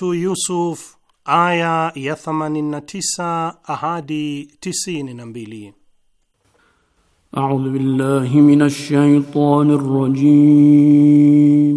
3 Yusuf aya ya 89 ahadi 92. A'udhu billahi minash shaitani rrajim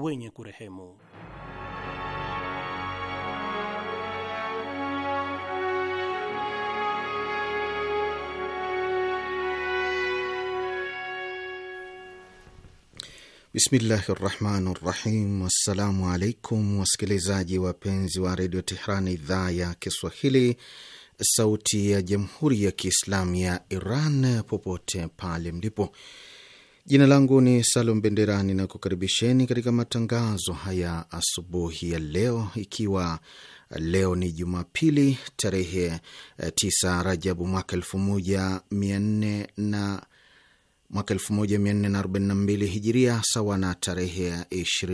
wenye kurehemu. Bismillahi rahmani rahim. Wassalamu alaikum wasikilizaji wapenzi wa redio Tehran, idhaa ya Kiswahili, sauti ya jamhuri ya Kiislamu ya Iran, popote pale mlipo. Jina langu ni Salum Bendera, ninakukaribisheni katika matangazo haya asubuhi ya leo, ikiwa leo ni Jumapili tarehe 9 eh, Rajabu mwaka elfu moja mia nne na mwaka mbili hijiria sawa na tarehe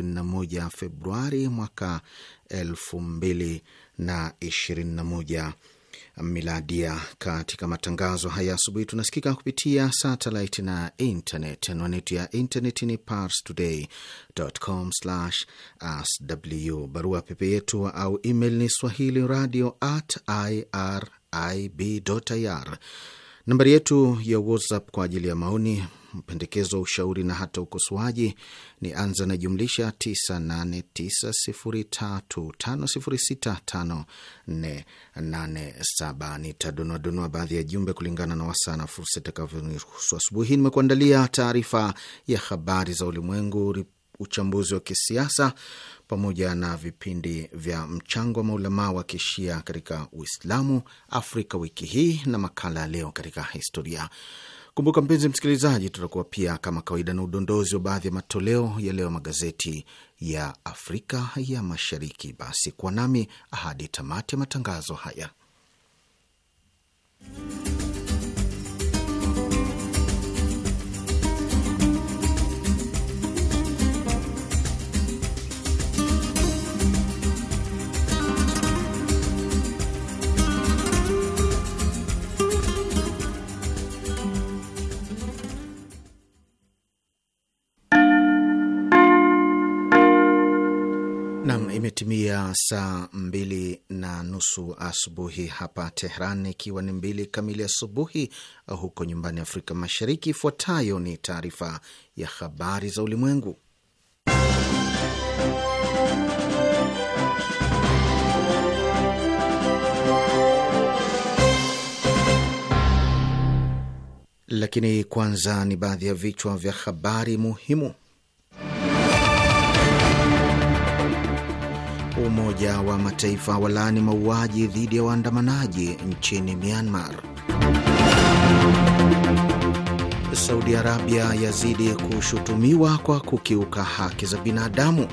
na moja Februari mwaka moja miladia. Katika matangazo haya asubuhi tunasikika kupitia satellite na internet. Anwani yetu ya internet ni parstoday.com/sw. Barua pepe yetu au email ni swahili radio at irib.ir Nambari yetu ya WhatsApp kwa ajili ya maoni, mpendekezo, ushauri na hata ukosoaji ni anza na jumlisha 989035065487. nitadunuadunua baadhi ya jumbe kulingana na wasaa na fursa itakavyoruhusu. Asubuhi nimekuandalia taarifa ya habari za ulimwengu uchambuzi wa kisiasa pamoja na vipindi vya mchango wa maulamaa wa kishia katika Uislamu Afrika wiki hii na makala ya leo katika historia. Kumbuka mpenzi msikilizaji, tutakuwa pia kama kawaida na udondozi wa baadhi ya matoleo ya leo magazeti ya Afrika ya Mashariki. Basi kuwa nami hadi tamati ya matangazo haya. Imetimia saa mbili na nusu asubuhi hapa Tehran, ikiwa ni mbili kamili asubuhi huko nyumbani Afrika Mashariki. Ifuatayo ni taarifa ya habari za ulimwengu, lakini kwanza ni baadhi ya vichwa vya habari muhimu. Umoja wa Mataifa walaani mauaji dhidi ya waandamanaji nchini Myanmar. Saudi Arabia yazidi kushutumiwa kwa kukiuka haki za binadamu.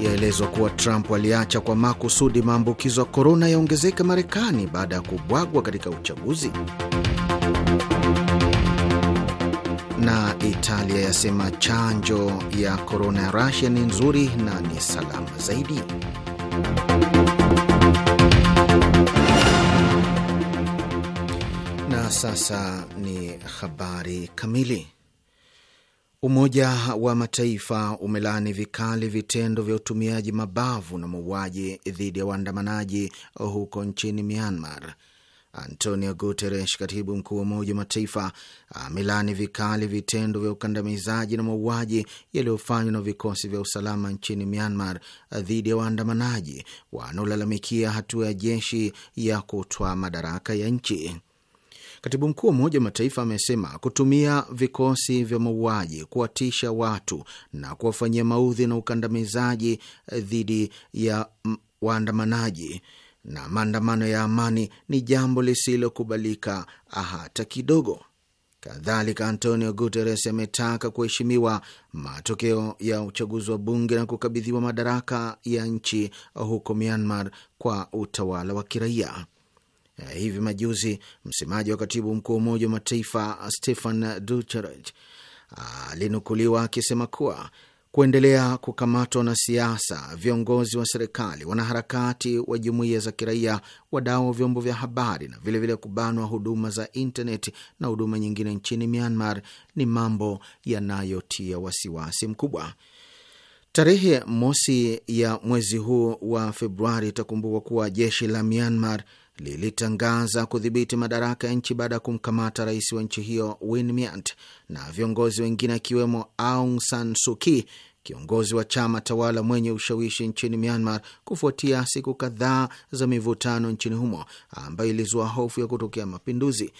Yaelezwa kuwa Trump aliacha kwa makusudi maambukizo ya korona yaongezeke Marekani baada ya kubwagwa katika uchaguzi na Italia yasema chanjo ya korona ya Rasia ni nzuri na ni salama zaidi. Na sasa ni habari kamili. Umoja wa Mataifa umelaani vikali vitendo vya utumiaji mabavu na mauaji dhidi ya waandamanaji huko nchini Myanmar Antonio Guterres, katibu mkuu wa Umoja wa Mataifa, amelaani vikali vitendo vya ukandamizaji na mauaji yaliyofanywa na vikosi vya usalama nchini Myanmar dhidi ya waandamanaji wanaolalamikia hatua ya jeshi ya kutwa madaraka ya nchi. Katibu mkuu wa Umoja wa Mataifa amesema kutumia vikosi vya mauaji kuwatisha watu na kuwafanyia maudhi na ukandamizaji dhidi ya waandamanaji na maandamano ya amani ni jambo lisilokubalika hata kidogo. Kadhalika, Antonio Guterres ametaka kuheshimiwa matokeo ya uchaguzi wa bunge na kukabidhiwa madaraka ya nchi huko Myanmar kwa utawala wa kiraia. Hivi majuzi msemaji wa katibu mkuu wa Umoja wa Mataifa Stefan Dujarric alinukuliwa akisema kuwa kuendelea kukamatwa wanasiasa, viongozi wa serikali, wanaharakati wa jumuiya za kiraia, wadau wa vyombo vya habari na vilevile kubanwa huduma za intaneti na huduma nyingine nchini Myanmar ni mambo yanayotia wasiwasi mkubwa. Tarehe mosi ya mwezi huu wa Februari itakumbukwa kuwa jeshi la Myanmar lilitangaza kudhibiti madaraka ya nchi baada ya kumkamata rais wa nchi hiyo Win Myint na viongozi wengine akiwemo Aung San Suu Kyi, kiongozi wa chama tawala mwenye ushawishi nchini Myanmar, kufuatia siku kadhaa za mivutano nchini humo ambayo ilizua hofu ya kutokea mapinduzi.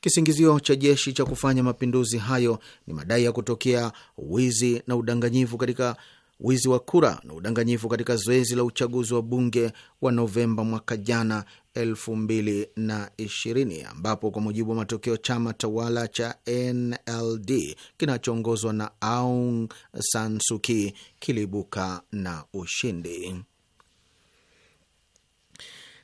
Kisingizio cha jeshi cha kufanya mapinduzi hayo ni madai ya kutokea wizi na udanganyifu katika wizi wa kura na udanganyifu katika zoezi la uchaguzi wa bunge wa Novemba mwaka jana 2020 ambapo kwa mujibu wa matokeo chama tawala cha NLD kinachoongozwa na Aung San Suu Kyi kiliibuka na ushindi.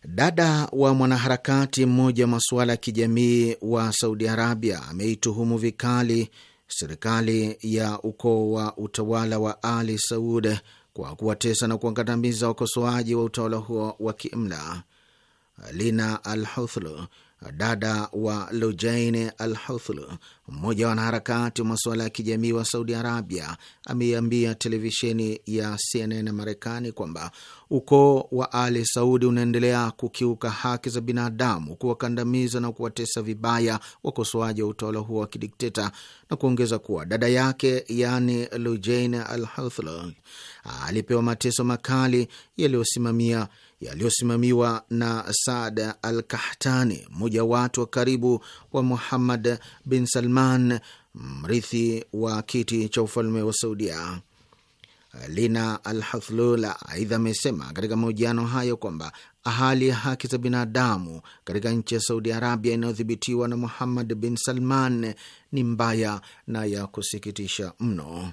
Dada wa mwanaharakati mmoja wa masuala ya kijamii wa Saudi Arabia ameituhumu vikali serikali ya ukoo wa utawala wa Ali Saud kwa kuwatesa na kuwakandamiza wakosoaji wa utawala huo wa kiimla. Lina Al Huthlu, dada wa Lujain Al Huthlu, mmoja wa wanaharakati wa masuala ya kijamii wa Saudi Arabia, ameiambia televisheni ya CNN ya Marekani kwamba ukoo wa Ali Saudi unaendelea kukiuka haki za binadamu, kuwakandamiza na kuwatesa vibaya wakosoaji wa utawala huo wa kidikteta, na kuongeza kuwa dada yake, yani Lujain Al Huthlu, alipewa mateso makali yaliyosimamia yaliyosimamiwa na Saad Al Kahtani, mmoja watu wa karibu wa Muhammad bin Salman, mrithi wa kiti cha ufalme wa Saudia. Lina Al Hathlula aidha amesema katika mahojiano hayo kwamba hali ya haki za binadamu katika nchi ya Saudi Arabia inayodhibitiwa na Muhammad bin Salman ni mbaya na ya kusikitisha mno.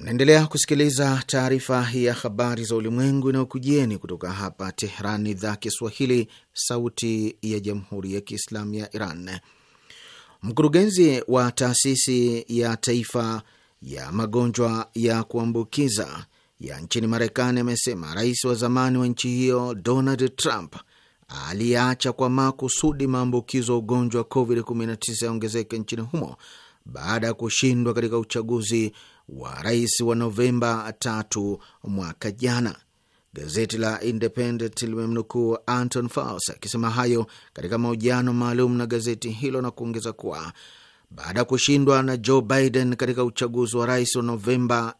Mnaendelea kusikiliza taarifa hii ya habari za ulimwengu inayokujieni kutoka hapa Tehran, idhaa Kiswahili, sauti ya jamhuri ya kiislamu ya Iran. Mkurugenzi wa taasisi ya taifa ya magonjwa ya kuambukiza ya nchini Marekani amesema rais wa zamani wa nchi hiyo Donald Trump aliyeacha kwa makusudi maambukizo ya ugonjwa wa COVID-19 yaongezeke nchini humo baada ya kushindwa katika uchaguzi wa rais wa Novemba tatu mwaka jana. Gazeti la Independent limemnukuu Anton Faus akisema hayo katika mahojiano maalum na gazeti hilo na kuongeza kuwa baada ya kushindwa na Joe Biden katika uchaguzi wa rais wa Novemba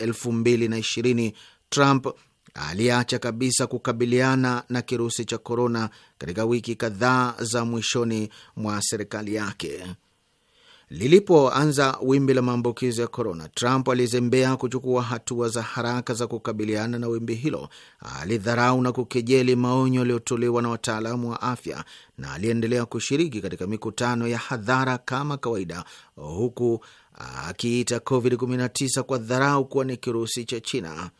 2020 Trump aliacha kabisa kukabiliana na kirusi cha korona katika wiki kadhaa za mwishoni mwa serikali yake. Lilipoanza wimbi la maambukizi ya korona, Trump alizembea kuchukua hatua za haraka za kukabiliana na wimbi hilo. Alidharau na kukejeli maonyo yaliyotolewa na wataalamu wa afya na aliendelea kushiriki katika mikutano ya hadhara kama kawaida, huku akiita COVID-19 kwa dharau kuwa ni kirusi cha China.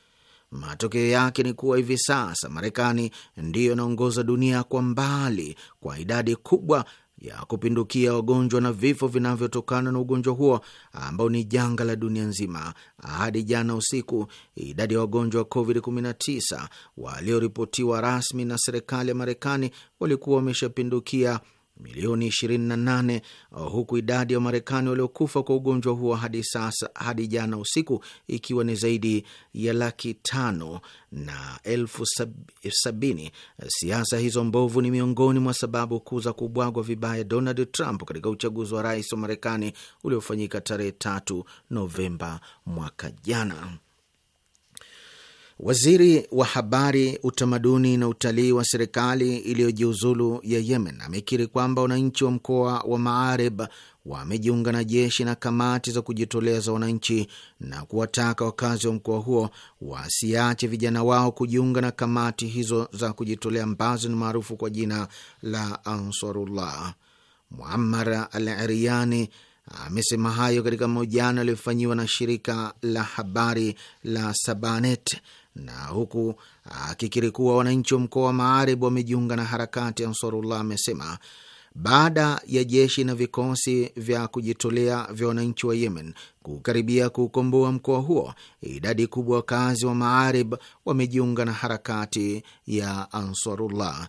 Matokeo yake ni kuwa hivi sasa Marekani ndiyo inaongoza dunia kwa mbali kwa idadi kubwa ya kupindukia wagonjwa na vifo vinavyotokana na ugonjwa huo ambao ni janga la dunia nzima. Hadi jana usiku, idadi ya wagonjwa wa COVID-19 walioripotiwa rasmi na serikali ya Marekani walikuwa wameshapindukia milioni 28 uh, huku idadi ya Wamarekani waliokufa kwa ugonjwa huo hadi sasa hadi jana usiku ikiwa ni zaidi ya laki tano na elfu sabini. Siasa hizo mbovu ni miongoni mwa sababu kuu za kubwagwa vibaya Donald Trump katika uchaguzi wa rais wa Marekani uliofanyika tarehe tatu Novemba mwaka jana. Waziri wa habari, utamaduni na utalii wa serikali iliyojiuzulu ya Yemen amekiri kwamba wananchi wa mkoa wa Maarib wamejiunga na jeshi na kamati za kujitolea za wananchi na kuwataka wakazi wa mkoa huo wasiache vijana wao kujiunga na kamati hizo za kujitolea ambazo ni maarufu kwa jina la Ansarullah. Muammar al Iriani amesema hayo katika mahojiano aliyofanyiwa na shirika la habari la Sabanet na huku akikiri kuwa wananchi wa mkoa wa Maarib wamejiunga na harakati ya Ansarullah, amesema baada ya jeshi na vikosi vya kujitolea vya wananchi wa Yemen kukaribia kuukomboa mkoa huo, idadi kubwa wakazi wa Maarib wamejiunga na harakati ya Ansarullah.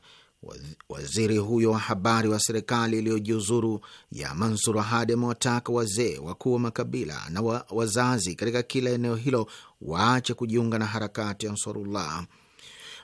Waziri huyo wa habari wa serikali iliyojiuzuru ya Mansur Hadi amewataka wazee wakuu wa makabila na wa, wazazi katika kila eneo hilo waache kujiunga na harakati ya Ansarullah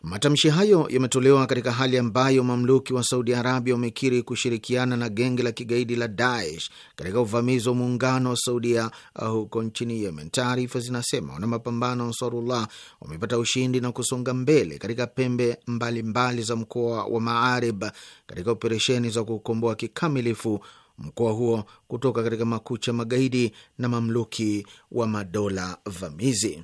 Matamshi hayo yametolewa katika hali ambayo mamluki wa Saudi Arabia wamekiri kushirikiana na genge la kigaidi la Daesh katika uvamizi wa muungano wa Saudia uh, huko nchini Yemen. Taarifa zinasema wana mapambano Ansarullah wamepata ushindi na kusonga mbele katika pembe mbalimbali mbali za mkoa wa Maarib katika operesheni za kukomboa kikamilifu mkoa huo kutoka katika makucha magaidi na mamluki wa madola vamizi.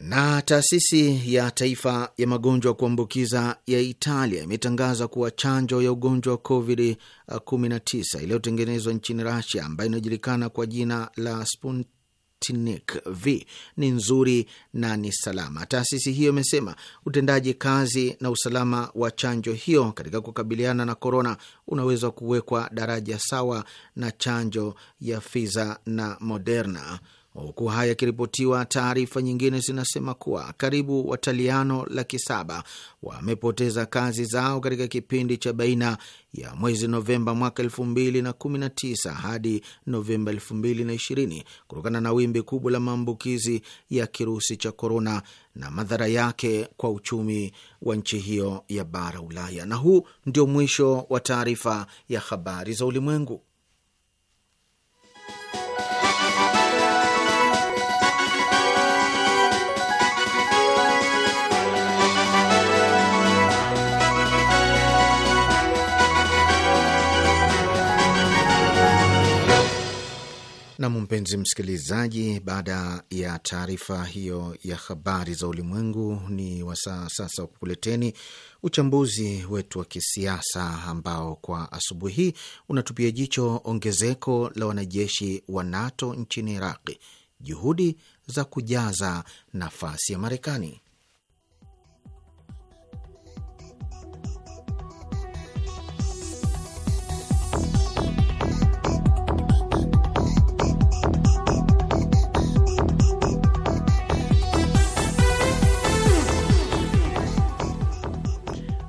Na taasisi ya taifa ya magonjwa ya kuambukiza ya Italia imetangaza kuwa chanjo ya ugonjwa wa COVID-19 iliyotengenezwa nchini Rasia ambayo inajulikana kwa jina la Sputnik V ni nzuri na ni salama. Taasisi hiyo imesema utendaji kazi na usalama wa chanjo hiyo katika kukabiliana na korona unaweza kuwekwa daraja sawa na chanjo ya Pfizer na Moderna. Huku haya yakiripotiwa, taarifa nyingine zinasema kuwa karibu Wataliano laki saba wamepoteza kazi zao katika kipindi cha baina ya mwezi Novemba mwaka elfu mbili na kumi na tisa hadi Novemba elfu mbili na ishirini kutokana na wimbi kubwa la maambukizi ya kirusi cha korona na madhara yake kwa uchumi wa nchi hiyo ya bara Ulaya. Na huu ndio mwisho wa taarifa ya habari za ulimwengu. Nam, mpenzi msikilizaji, baada ya taarifa hiyo ya habari za ulimwengu, ni wasaa sasa wa kukuleteni uchambuzi wetu wa kisiasa ambao kwa asubuhi hii unatupia jicho ongezeko la wanajeshi wa NATO nchini Iraqi, juhudi za kujaza nafasi ya Marekani.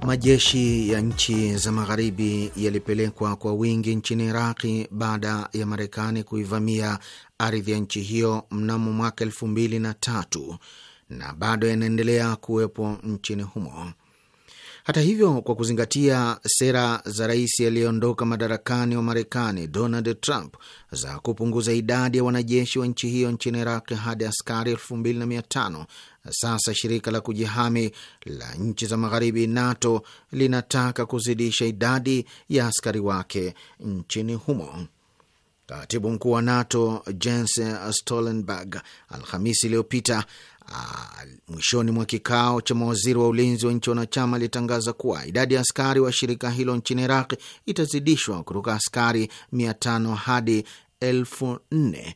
Majeshi ya nchi za magharibi yalipelekwa kwa wingi nchini Iraqi baada ya Marekani kuivamia ardhi ya nchi hiyo mnamo mwaka elfu mbili na tatu na bado yanaendelea kuwepo nchini humo. Hata hivyo, kwa kuzingatia sera za rais aliyeondoka madarakani wa Marekani Donald Trump za kupunguza idadi ya wanajeshi wa nchi hiyo nchini Iraq hadi askari elfu mbili na mia tano sasa shirika la kujihami la nchi za magharibi NATO linataka kuzidisha idadi ya askari wake nchini humo. Katibu mkuu wa NATO Jens Stoltenberg Alhamisi iliyopita mwishoni mwa kikao cha mawaziri wa ulinzi wa nchi wanachama alitangaza kuwa idadi ya askari wa shirika hilo nchini Iraq itazidishwa kutoka askari 5 hadi elfu nne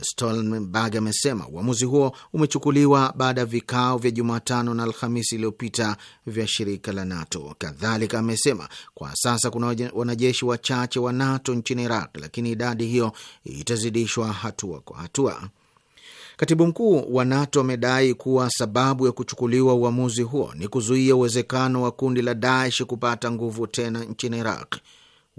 Stoltenberg amesema uamuzi huo umechukuliwa baada ya vikao vya Jumatano na Alhamisi iliyopita vya shirika la NATO. Kadhalika amesema kwa sasa kuna wanajeshi wachache wa NATO nchini Iraq, lakini idadi hiyo itazidishwa hatua kwa hatua. Katibu mkuu wa NATO amedai kuwa sababu ya kuchukuliwa uamuzi huo ni kuzuia uwezekano wa kundi la Daesh kupata nguvu tena nchini Iraq.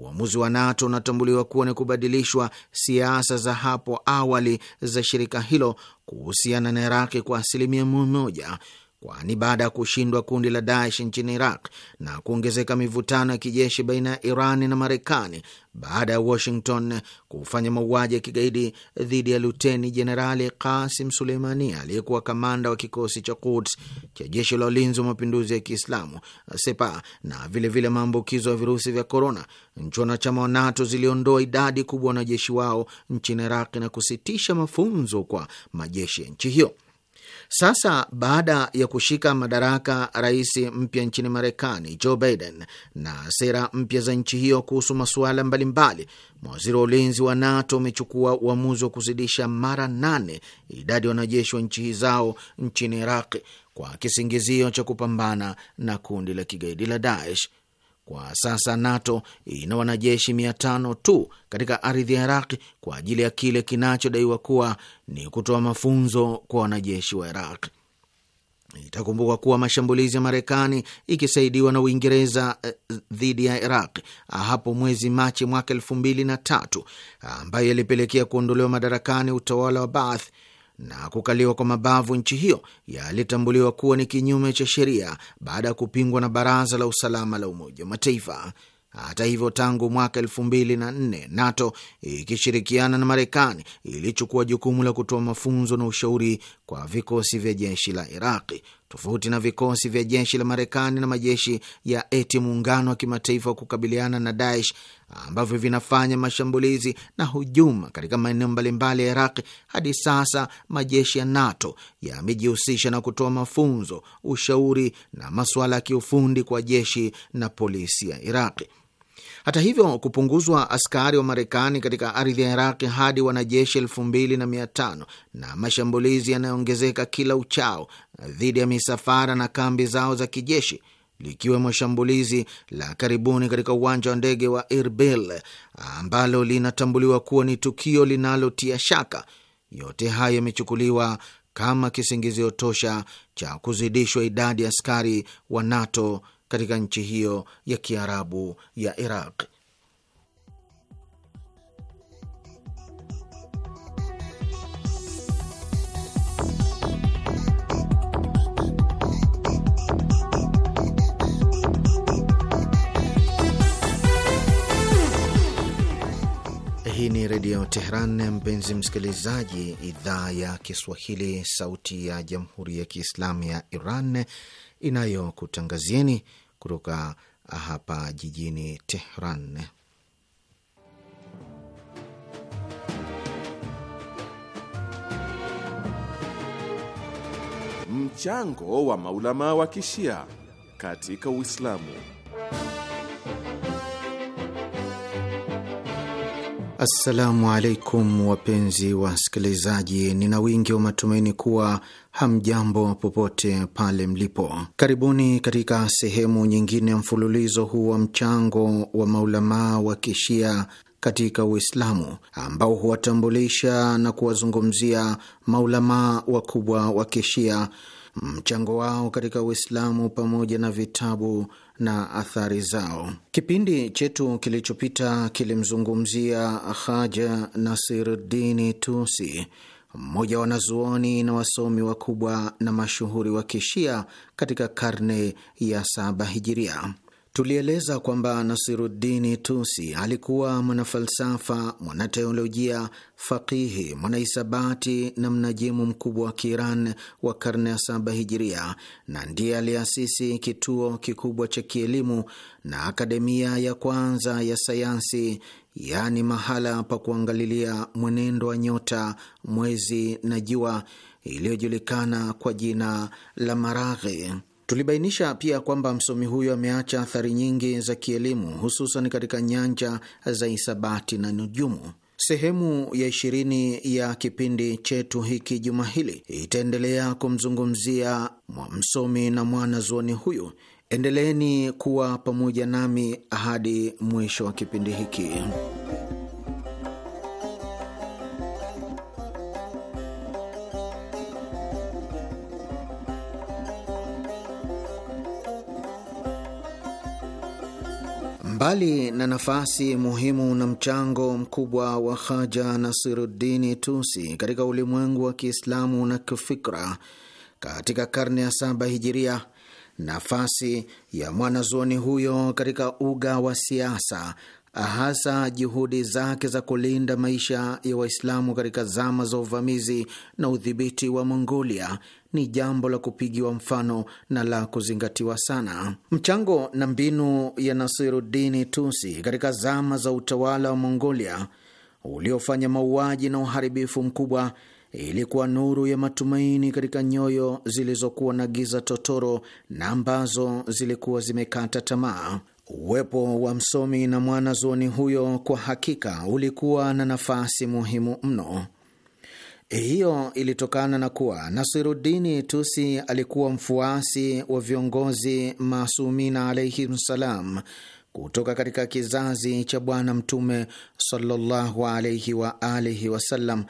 Uamuzi wa NATO unatambuliwa kuwa ni kubadilishwa siasa za hapo awali za shirika hilo kuhusiana na Iraqi kwa asilimia mia moja kwani baada ya kushindwa kundi la Daesh nchini Iraq na kuongezeka mivutano ya kijeshi baina ya Iran na Marekani baada ya Washington kufanya mauaji ya kigaidi dhidi ya luteni jenerali Kasim Suleimani aliyekuwa kamanda wa kikosi cha Quds cha jeshi la ulinzi wa mapinduzi ya Kiislamu Sepa na vilevile maambukizo ya virusi vya korona, nchi wanachama wa NATO ziliondoa idadi kubwa wanajeshi wao nchini Iraq na kusitisha mafunzo kwa majeshi ya nchi hiyo. Sasa baada ya kushika madaraka rais mpya nchini Marekani, Joe Biden, na sera mpya za nchi hiyo kuhusu masuala mbalimbali, mawaziri wa ulinzi wa NATO wamechukua uamuzi wa kuzidisha mara nane idadi ya wanajeshi wa nchi hii zao nchini iraqi kwa kisingizio cha kupambana na kundi la kigaidi la Daesh. Kwa sasa NATO ina wanajeshi mia tano tu katika ardhi ya Iraqi kwa ajili ya kile kinachodaiwa kuwa ni kutoa mafunzo kwa wanajeshi wa Iraq. Itakumbuka kuwa mashambulizi ya Marekani ikisaidiwa na Uingereza eh, dhidi ya Iraq hapo mwezi Machi mwaka elfu mbili na tatu ambayo yalipelekea kuondolewa madarakani utawala wa Baath na kukaliwa kwa mabavu nchi hiyo yalitambuliwa kuwa ni kinyume cha sheria baada ya kupingwa na Baraza la Usalama la Umoja wa Mataifa. Hata hivyo, tangu mwaka elfu mbili na nne NATO ikishirikiana na Marekani ilichukua jukumu la kutoa mafunzo na ushauri kwa vikosi vya jeshi la Iraqi tofauti na vikosi vya jeshi la Marekani na majeshi ya eti muungano wa kimataifa wa kukabiliana na Daesh ambavyo vinafanya mashambulizi na hujuma katika maeneo mbalimbali ya Iraqi. Hadi sasa majeshi ya NATO yamejihusisha na kutoa mafunzo, ushauri na masuala ya kiufundi kwa jeshi na polisi ya Iraqi. Hata hivyo, kupunguzwa askari wa Marekani katika ardhi ya Iraqi hadi wanajeshi elfu mbili na mia tano na mashambulizi yanayoongezeka kila uchao dhidi ya misafara na kambi zao za kijeshi likiwemo shambulizi la karibuni katika uwanja wa ndege wa Erbil ambalo linatambuliwa kuwa ni tukio linalotia shaka. Yote hayo yamechukuliwa kama kisingizio tosha cha kuzidishwa idadi ya askari wa NATO katika nchi hiyo ya Kiarabu ya Iraq. Hii ni Redio Teheran, mpenzi msikilizaji, idhaa ya Kiswahili, sauti ya Jamhuri ya Kiislamu ya Iran inayokutangazieni kutoka ah, hapa jijini Tehran. Mchango wa maulama wa kishia katika Uislamu. Assalamu alaikum wapenzi wasikilizaji, nina wingi wa matumaini kuwa hamjambo popote pale mlipo. Karibuni katika sehemu nyingine ya mfululizo huu wa mchango wa maulamaa wa kishia katika Uislamu ambao huwatambulisha na kuwazungumzia maulamaa wakubwa wa kishia, mchango wao katika Uislamu pamoja na vitabu na athari zao. Kipindi chetu kilichopita kilimzungumzia Haja Nasiruddini Tusi, mmoja wa wanazuoni na wasomi wakubwa na mashuhuri wa Kishia katika karne ya saba Hijiria. Tulieleza kwamba nasirudini Tusi alikuwa mwanafalsafa, mwanateolojia, fakihi, mwanahisabati na mnajimu mkubwa wa Kiiran wa karne ya saba hijiria, na ndiye aliasisi kituo kikubwa cha kielimu na akademia ya kwanza ya sayansi, yaani mahala pa kuangalilia mwenendo wa nyota, mwezi na jua, iliyojulikana kwa jina la Maraghi. Tulibainisha pia kwamba msomi huyo ameacha athari nyingi za kielimu, hususan katika nyanja za hisabati na nujumu. Sehemu ya ishirini ya kipindi chetu hiki juma hili itaendelea kumzungumzia msomi na mwana zuoni huyu. Endeleeni kuwa pamoja nami hadi mwisho wa kipindi hiki. Mbali na nafasi muhimu na mchango mkubwa wa Haja Nasiruddini Tusi katika ulimwengu wa Kiislamu na kifikra katika karne ya saba hijiria, nafasi ya mwanazuoni huyo katika uga wa siasa, hasa juhudi zake za kulinda maisha ya Waislamu katika zama za uvamizi na udhibiti wa Mongolia ni jambo la kupigiwa mfano na la kuzingatiwa sana. Mchango na mbinu ya nasirudini Tusi katika zama za utawala wa Mongolia uliofanya mauaji na uharibifu mkubwa ilikuwa nuru ya matumaini katika nyoyo zilizokuwa na giza totoro na ambazo zilikuwa zimekata tamaa. Uwepo wa msomi na mwanazuoni huyo kwa hakika ulikuwa na nafasi muhimu mno. Eh, hiyo ilitokana na kuwa Nasirudini Tusi alikuwa mfuasi wa viongozi masumina alaihim salam kutoka katika kizazi cha Bwana Mtume sallallahu alaihi waalihi wasallam,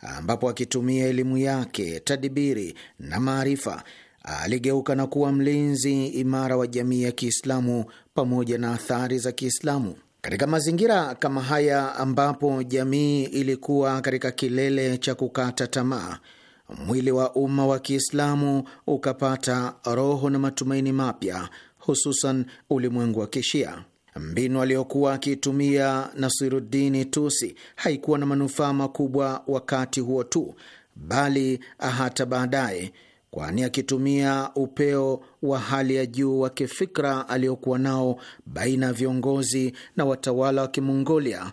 ambapo akitumia elimu yake, tadibiri na maarifa aligeuka na kuwa mlinzi imara wa jamii ya Kiislamu pamoja na athari za Kiislamu. Katika mazingira kama haya ambapo jamii ilikuwa katika kilele cha kukata tamaa, mwili wa umma wa Kiislamu ukapata roho na matumaini mapya, hususan ulimwengu wa Kishia. Mbinu aliyokuwa akiitumia Nasiruddini Tusi haikuwa na manufaa makubwa wakati huo tu, bali hata baadaye kwani akitumia upeo wa hali ya juu wa kifikra aliyokuwa nao baina ya viongozi na watawala wa Kimongolia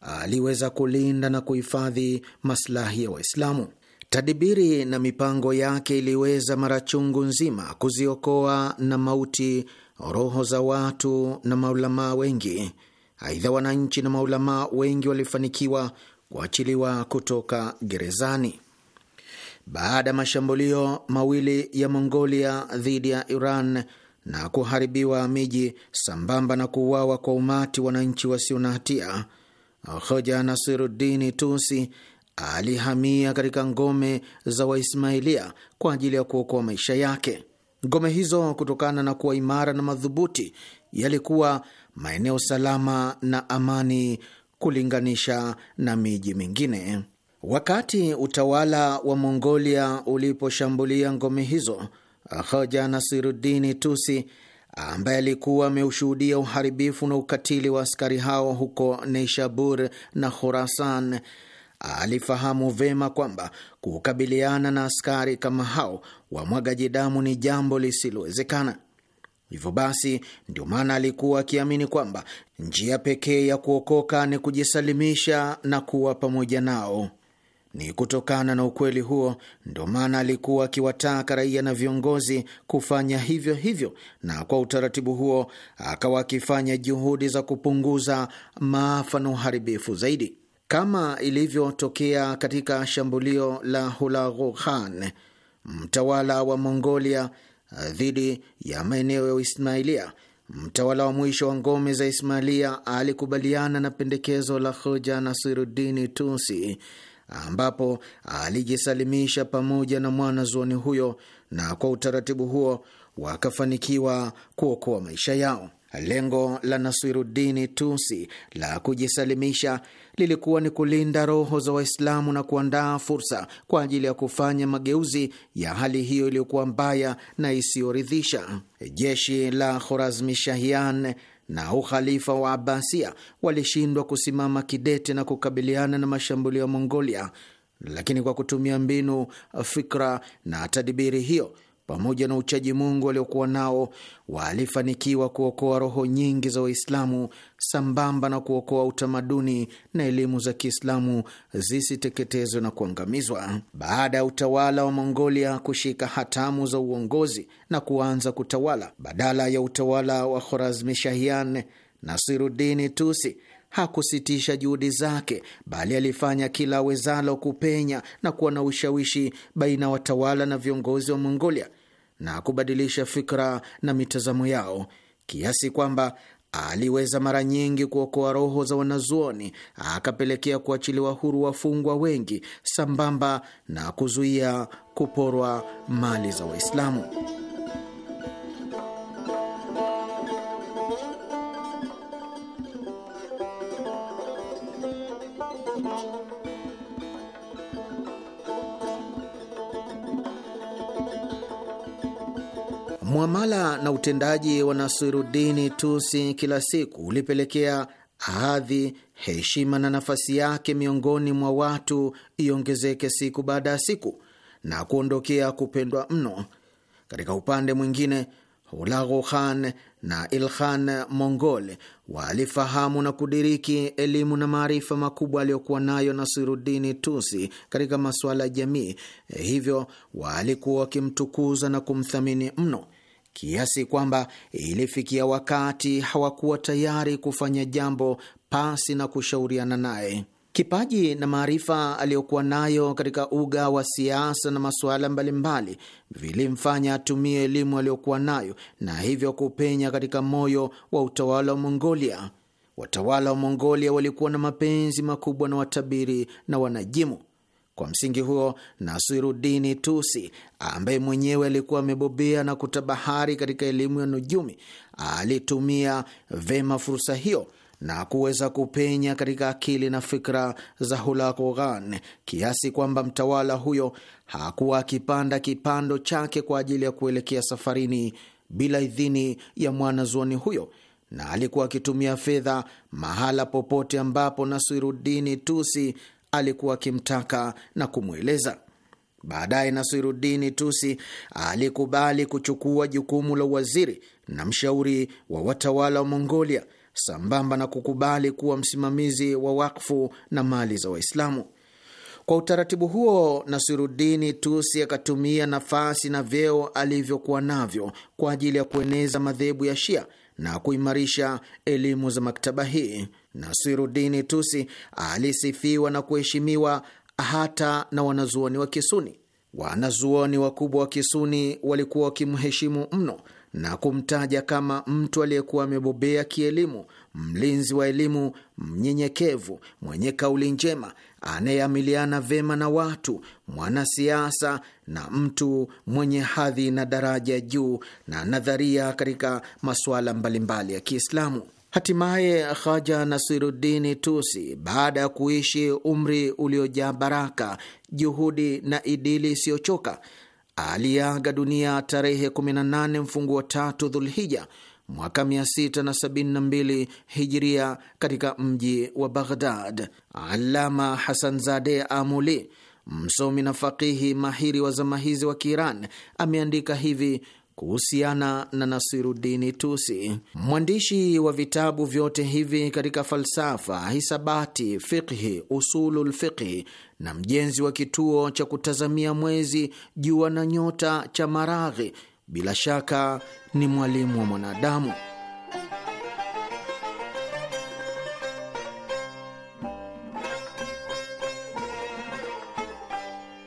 aliweza kulinda na kuhifadhi maslahi ya Waislamu. Tadibiri na mipango yake iliweza mara chungu nzima kuziokoa na mauti roho za watu na maulamaa wengi. Aidha, wananchi na maulamaa wengi walifanikiwa kuachiliwa kutoka gerezani baada ya mashambulio mawili ya Mongolia dhidi ya Iran na kuharibiwa miji sambamba na kuuawa kwa umati wananchi wasio na hatia, hoja Nasiruddini Tusi alihamia katika ngome za Waismailia kwa ajili ya kuokoa maisha yake. Ngome hizo, kutokana na kuwa imara na madhubuti, yalikuwa maeneo salama na amani kulinganisha na miji mingine. Wakati utawala wa Mongolia uliposhambulia ngome hizo, hoja Nasiruddini Tusi ambaye alikuwa ameushuhudia uharibifu na ukatili wa askari hao huko Neishabur na khurasan alifahamu vema kwamba kukabiliana na askari kama hao wamwagaji damu ni jambo lisilowezekana. Hivyo basi, ndio maana alikuwa akiamini kwamba njia pekee ya kuokoka ni kujisalimisha na kuwa pamoja nao. Ni kutokana na ukweli huo ndo maana alikuwa akiwataka raia na viongozi kufanya hivyo hivyo, na kwa utaratibu huo akawa akifanya juhudi za kupunguza maafa na uharibifu zaidi, kama ilivyotokea katika shambulio la Hulagu Khan, mtawala wa Mongolia, eh, dhidi ya maeneo ya Ismailia. Mtawala wa mwisho wa ngome za Ismailia alikubaliana na pendekezo la hoja Nasiruddini Tusi ambapo alijisalimisha pamoja na mwanazuoni huyo, na kwa utaratibu huo wakafanikiwa kuokoa maisha yao. Lengo la Nasirudini Tusi la kujisalimisha lilikuwa ni kulinda roho za Waislamu na kuandaa fursa kwa ajili ya kufanya mageuzi ya hali hiyo iliyokuwa mbaya na isiyoridhisha. Jeshi la Khorazmishahian na ukhalifa wa Abasia walishindwa kusimama kidete na kukabiliana na mashambulio ya Mongolia, lakini kwa kutumia mbinu, fikra na tadibiri hiyo pamoja na uchaji Mungu waliokuwa nao walifanikiwa kuokoa roho nyingi za Waislamu sambamba na kuokoa utamaduni na elimu za Kiislamu zisiteketezwe na kuangamizwa. Baada ya utawala wa Mongolia kushika hatamu za uongozi na kuanza kutawala badala ya utawala wa Khorazmishahian, Nasirudini Tusi hakusitisha juhudi zake bali alifanya kila awezalo kupenya na kuwa na ushawishi baina ya watawala na viongozi wa Mongolia na kubadilisha fikra na mitazamo yao kiasi kwamba aliweza mara nyingi kuokoa roho za wanazuoni, akapelekea kuachiliwa huru wafungwa wengi, sambamba na kuzuia kuporwa mali za Waislamu. Mwamala na utendaji wa Nasirudini Tusi kila siku ulipelekea hadhi, heshima na nafasi yake miongoni mwa watu iongezeke siku baada ya siku na kuondokea kupendwa mno. Katika upande mwingine, Hulagu Khan na ilhan Mongol walifahamu na kudiriki elimu na maarifa makubwa aliyokuwa nayo Nasirudini Tusi katika masuala ya jamii, hivyo walikuwa wakimtukuza na kumthamini mno kiasi kwamba ilifikia wakati hawakuwa tayari kufanya jambo pasi na kushauriana naye. Kipaji na maarifa aliyokuwa nayo katika uga wa siasa na masuala mbalimbali vilimfanya atumie elimu aliyokuwa nayo na hivyo kupenya katika moyo wa utawala wa Mongolia. Watawala wa Mongolia walikuwa na mapenzi makubwa na watabiri na wanajimu. Kwa msingi huo, Nasirudini Tusi ambaye mwenyewe alikuwa amebobea na kutabahari katika elimu ya nujumi alitumia vema fursa hiyo na kuweza kupenya katika akili na fikra za Hulagu Khan kiasi kwamba mtawala huyo hakuwa akipanda kipando chake kwa ajili ya kuelekea safarini bila idhini ya mwanazuoni huyo, na alikuwa akitumia fedha mahala popote ambapo Nasirudini Tusi alikuwa akimtaka na kumweleza. Baadaye Nasirudini Tusi alikubali kuchukua jukumu la uwaziri na mshauri wa watawala wa Mongolia, sambamba na kukubali kuwa msimamizi wa wakfu na mali za Waislamu. Kwa utaratibu huo, Nasirudini Tusi akatumia nafasi na vyeo alivyokuwa navyo kwa ajili ya kueneza madhehebu ya Shia na kuimarisha elimu za maktaba hii. Nasirudini Tusi alisifiwa na kuheshimiwa hata na wanazuoni wa Kisuni. Wanazuoni wakubwa wa Kisuni walikuwa wakimheshimu mno na kumtaja kama mtu aliyekuwa amebobea kielimu, mlinzi wa elimu, mnyenyekevu, mwenye kauli njema anayeamiliana vema na watu, mwanasiasa na mtu mwenye hadhi na daraja juu na nadharia katika masuala mbalimbali ya Kiislamu. Hatimaye Haja Nasiruddini Tusi, baada ya kuishi umri uliojaa baraka, juhudi na idili isiyochoka, aliaga dunia tarehe 18 mfungu wa tatu Dhulhija mwaka 672 hijiria katika mji wa Baghdad. Alama Hasan Zade Amuli, msomi na faqihi mahiri wa zama hizi wa Kiiran, ameandika hivi kuhusiana na Nasirudini Tusi, mwandishi wa vitabu vyote hivi katika falsafa, hisabati, fiqhi, usulul fiqhi na mjenzi wa kituo cha kutazamia mwezi, jua na nyota cha Maraghi bila shaka ni mwalimu wa mwanadamu.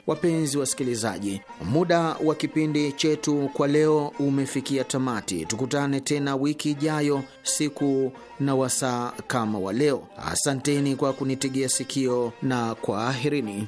Wapenzi wasikilizaji, muda wa kipindi chetu kwa leo umefikia tamati. Tukutane tena wiki ijayo, siku na wasaa kama wa leo. Asanteni kwa kunitegea sikio na kwaherini.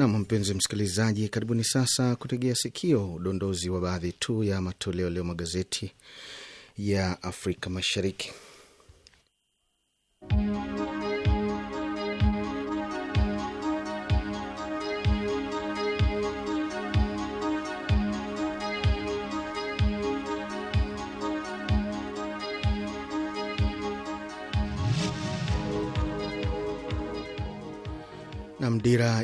Nam, mpenzi msikilizaji, karibuni sasa kutegea sikio udondozi wa baadhi tu ya matoleo leo magazeti ya Afrika Mashariki.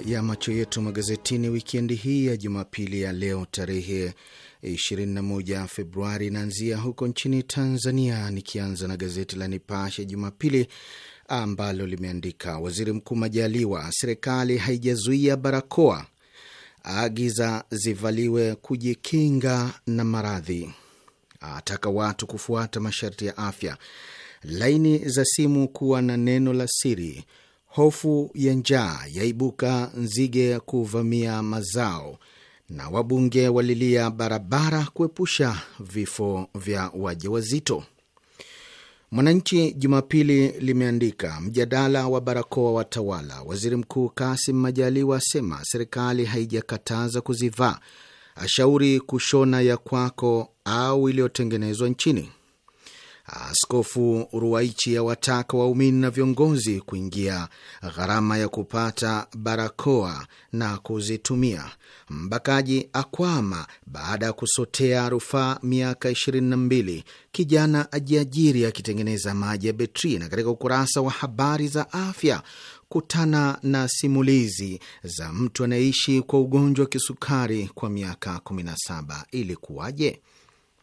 ya macho yetu magazetini wikendi hii ya Jumapili ya leo tarehe 21 Februari inaanzia huko nchini Tanzania, nikianza na gazeti la Nipashe Jumapili ambalo limeandika waziri mkuu Majaliwa, serikali haijazuia barakoa, agiza zivaliwe kujikinga na maradhi, ataka watu kufuata masharti ya afya, laini za simu kuwa na neno la siri hofu ya njaa yaibuka nzige kuvamia mazao, na wabunge walilia barabara kuepusha vifo vya wajawazito. Mwananchi Jumapili limeandika mjadala wa barakoa watawala, waziri mkuu Kasim Majaliwa asema serikali haijakataza kuzivaa, ashauri kushona ya kwako au iliyotengenezwa nchini. Askofu Ruwaichi awataka waumini na viongozi kuingia gharama ya kupata barakoa na kuzitumia. Mbakaji akwama baada ya kusotea rufaa miaka ishirini na mbili Kijana ajiajiri akitengeneza maji ya betri. Na katika ukurasa wa habari za afya kutana na simulizi za mtu anayeishi kwa ugonjwa wa kisukari kwa miaka 17, ilikuwaje?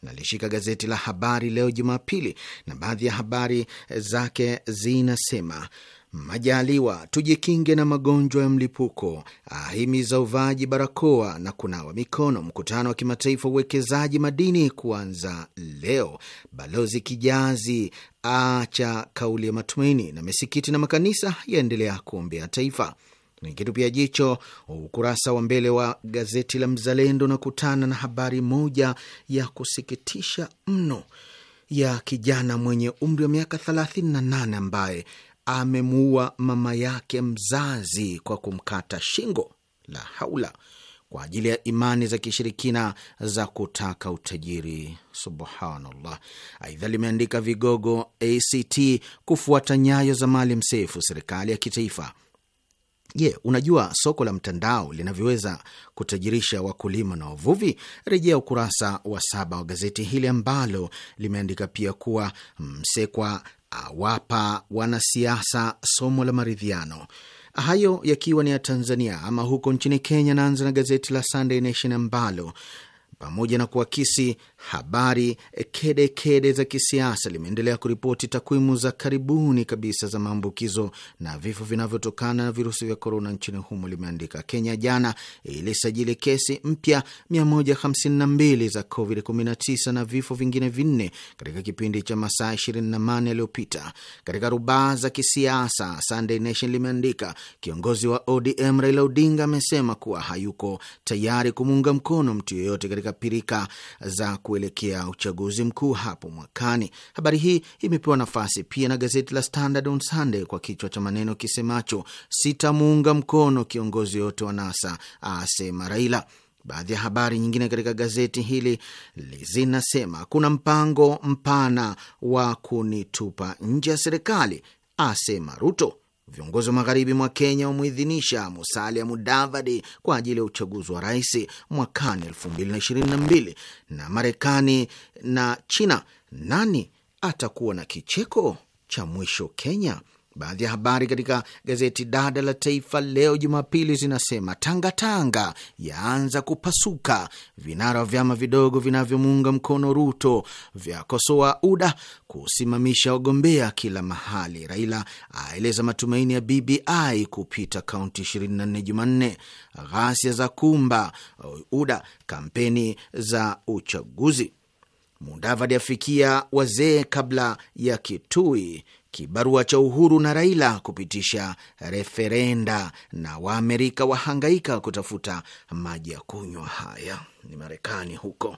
nalishika gazeti la Habari Leo Jumapili, na baadhi ya habari zake zinasema Majaliwa, tujikinge na magonjwa ya mlipuko, ahimiza uvaaji barakoa na kunawa mikono. Mkutano wa kimataifa uwekezaji madini kuanza leo. Balozi Kijazi acha kauli ya matumaini, na misikiti na makanisa yaendelea kuombea taifa pia jicho ukurasa wa mbele wa gazeti la Mzalendo na kutana na habari moja ya kusikitisha mno ya kijana mwenye umri wa miaka 38 ambaye amemuua mama yake mzazi kwa kumkata shingo. La haula! Kwa ajili ya imani za kishirikina za kutaka utajiri. Subhanallah. Aidha limeandika vigogo ACT kufuata nyayo za Maalim Seif, serikali ya kitaifa Je, unajua soko la mtandao linavyoweza kutajirisha wakulima na wavuvi? Rejea ukurasa wa saba wa gazeti hili ambalo limeandika pia kuwa Msekwa awapa wanasiasa somo la maridhiano. Hayo yakiwa ni ya Tanzania. Ama huko nchini Kenya, naanza na gazeti la Sunday Nation ambalo pamoja na kuakisi habari kedekede kede za kisiasa, limeendelea kuripoti takwimu za karibuni kabisa za maambukizo na vifo vinavyotokana na virusi vya korona nchini humo, limeandika. Kenya jana ilisajili kesi mpya 152 za COVID-19 na vifo vingine vinne katika kipindi cha masaa 28 yaliyopita. Katika rubaa za kisiasa, Sunday Nation limeandika kiongozi wa ODM Raila Odinga amesema kuwa hayuko tayari kumuunga mkono mtu yeyote katika pirikapirika za kuelekea uchaguzi mkuu hapo mwakani. Habari hii imepewa nafasi pia na gazeti la Standard on Sunday kwa kichwa cha maneno kisemacho sitamuunga mkono kiongozi yote wa NASA asema Raila. Baadhi ya habari nyingine katika gazeti hili zinasema kuna mpango mpana wa kunitupa nje ya serikali asema Ruto. Viongozi wa magharibi mwa Kenya wameidhinisha Musalia Mudavadi kwa ajili ya uchaguzi wa rais mwakani mbili na Marekani na China, nani atakuwa na kicheko cha mwisho Kenya? Baadhi ya habari katika gazeti dada la Taifa Leo Jumapili zinasema Tangatanga yaanza kupasuka, vinara wa vyama vidogo vinavyomuunga mkono Ruto vyakosoa UDA kusimamisha wagombea kila mahali, Raila aeleza matumaini ya BBI kupita kaunti 24 Jumanne, ghasia za kumba UDA kampeni za uchaguzi, Mudavadi afikia wazee kabla ya Kitui kibarua cha Uhuru na Raila kupitisha referenda na Waamerika wahangaika kutafuta maji ya kunywa. Haya ni Marekani huko.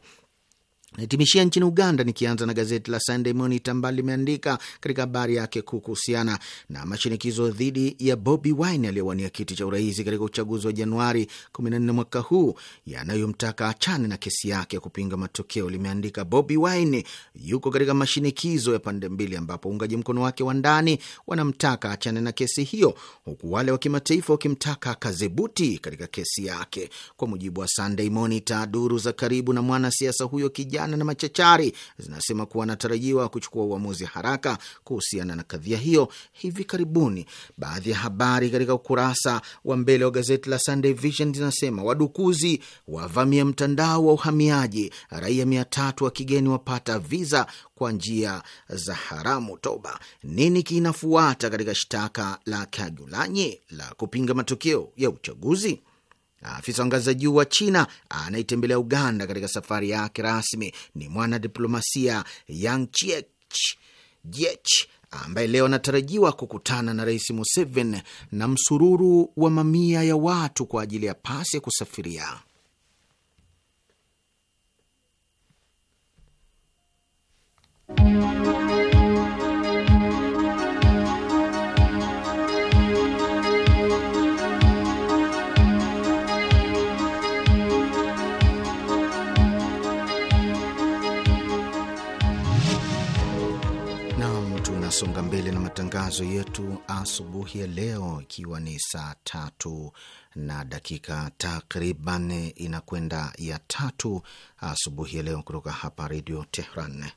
Nahitimishia nchini Uganda, nikianza na gazeti la Sunday Monitor ambalo limeandika katika habari yake kuu kuhusiana na mashinikizo dhidi ya Bobi Wine aliyewania kiti cha urais katika uchaguzi wa Januari 14 mwaka huu yanayomtaka achane na kesi yake ya kupinga matokeo. Limeandika Bobi Wine yuko katika mashinikizo ya pande mbili, ambapo uungaji mkono wake wa ndani wanamtaka achane na kesi hiyo, huku wale wa kimataifa wakimtaka akazebuti katika kesi yake. Kwa mujibu wa Sunday Monitor, duru za karibu na mwanasiasa huyo kijana kupambana na machachari zinasema kuwa anatarajiwa kuchukua uamuzi haraka kuhusiana na kadhia hiyo hivi karibuni. Baadhi ya habari katika ukurasa wa mbele wa gazeti la Sunday Vision zinasema wadukuzi wavamia mtandao wa uhamiaji, raia mia tatu wa kigeni wapata viza kwa njia za haramu. Toba, nini kinafuata katika shtaka la Kyagulanyi la kupinga matokeo ya uchaguzi? Afisa wa ngazi za juu wa China anaitembelea Uganda katika safari yake rasmi ni mwanadiplomasia Yang Chiech Jiech ambaye leo anatarajiwa kukutana na Rais Museveni na msururu wa mamia ya watu kwa ajili ya pasi ya kusafiria. matangazo yetu asubuhi ya leo, ikiwa ni saa tatu na dakika takriban inakwenda ya tatu asubuhi ya leo kutoka hapa Redio Tehran.